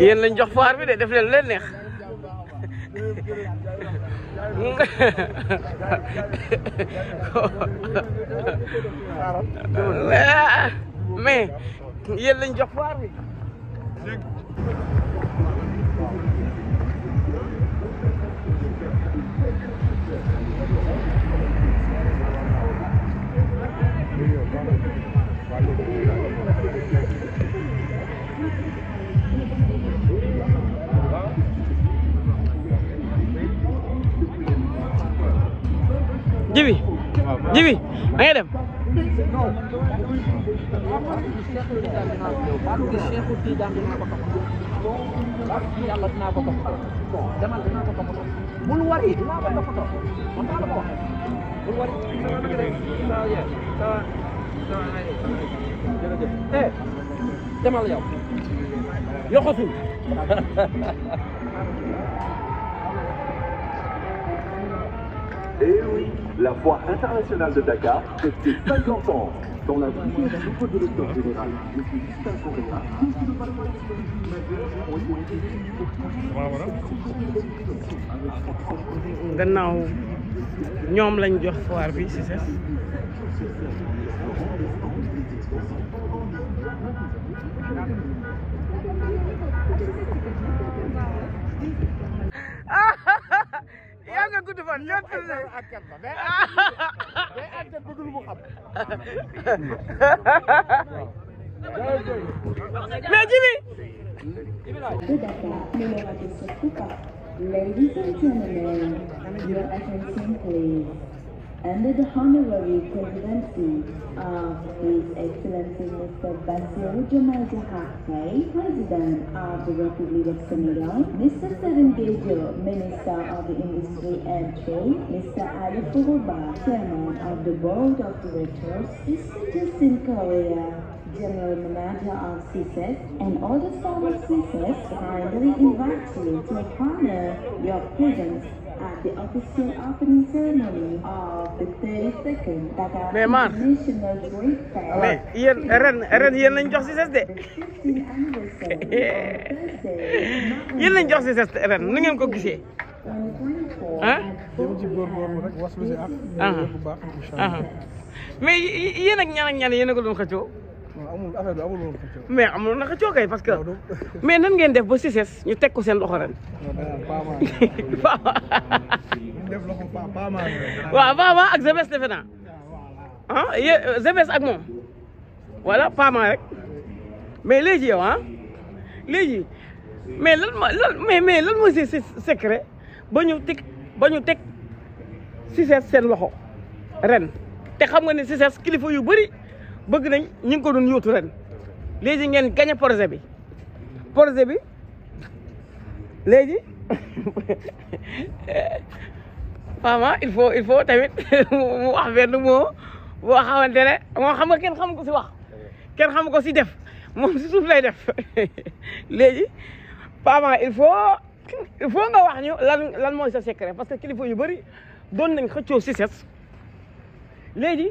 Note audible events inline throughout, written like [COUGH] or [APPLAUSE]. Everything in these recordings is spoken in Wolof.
yéen lañ jox faar bi de def leen leen neex [LAUGHS] mais yéen lañ jox faar bi Jivi, Jivi, ayo hit Et eh, eh oui, la foire internationale de Dakar, c'est 50 ans. Dans la vie, la directeur général, pour Ladies and gentlemen, your attention please. Under the honorary presidency of His Excellency the Basil Jamaijahake, President of the Republic of Senegal, Mr. Seven Gejo, Minister of the Industry and Trade, Mr. Ali Furuba, Chairman of the Board of Directors, Mr. Justin Korea, General Manager of CSET, and all the staff of CSIS kindly invite you to honor your presence at the official opening ceremony of the 32nd Dakar National Trade Fair. Mais yéen ren ren yéen lañ jox CCS de. yéen lañ jox CCS ren nu ngeen ko gisee. ah. ci rek ak. bu baax mais ak ñaan ak ñaan xëccoo. amul affaire bi amul woon mais amul naka cookay parce que. [LAUGHS] mais nan ngeen def ba Ciss ñu teg ko seen loxo ren. [LAUGHS] waaw Pama ak Zébès defe naa. ah, ah yéen Zébès ak moom. voilà Pama rek. mais léegi yow ah. léegi mais lan ma lan mais mais lan mooy secret ba ñu teg ba ñu teg Ciss seen loxo ren te xam nga ne Ciss kilifa yu bëri. bëgg nañ ñu ngi ko doon yóotu ren léegi ngeen gagné projet bi projet bi léegi vraiment [LAUGHS] il faut il faut tamit [LAUGHS] mu wax benn moo boo xamante ne moo xam nga kenn xam ko si wax kenn xam ko si def moom si suuf lay def [LAUGHS] léegi vraiment il faut il faut nga wax ñu lan lan mooy sa secret parce que kilifa yu bëri doon nañ xëccoo si ses léegi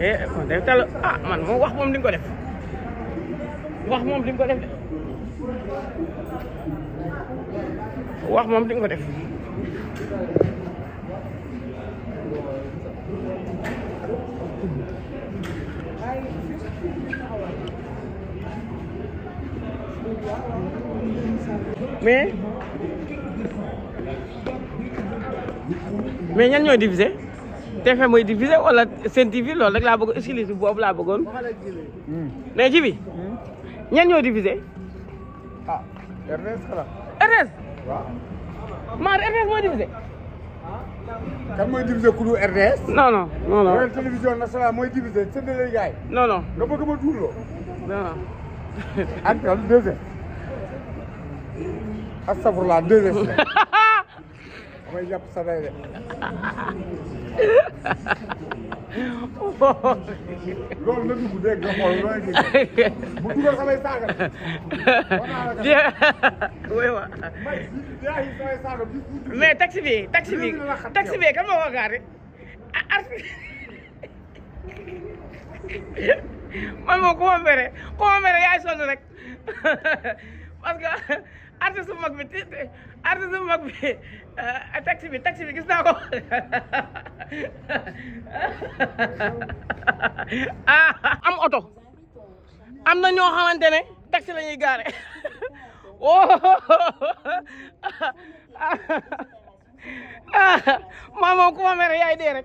eh kon de tal ah man moom wax mom li nga ko def wax moom li nga ko def de wax moom li ko def Thank you. mais mais ñan ñoo diviser TFM mooy diviser wala Sen TV loolu rek laa bëgg utilise boobu laa bëggoon mais ji bi ñan ñoo diviser ah RTS xala RTS waaw mooy diviser kan mooy diviser ku dul RTS non non non non wala télévision nationale mooy diviser sëndalay gaay non astafurlah deux heures. [LAUGHS] damay jàpp sa day de. loolu la dugg dégg nga xool looy dégg bu dugal samay saaga. mais taxi bi taxi bi taxi bi kan ma ko gaare ah, ah. man moom ku ma mere ku ma mere yaay sonn rek [LAUGHS] parce que. artiste bu mag bi ti artiste bu mag bi eh, eh, bi taxi bi gis naa ko [LAUGHS] am oto am na ñoo xamante ne taxi la gaare [LAUGHS] o oh. [LAUGHS] ku ma mere yaay dee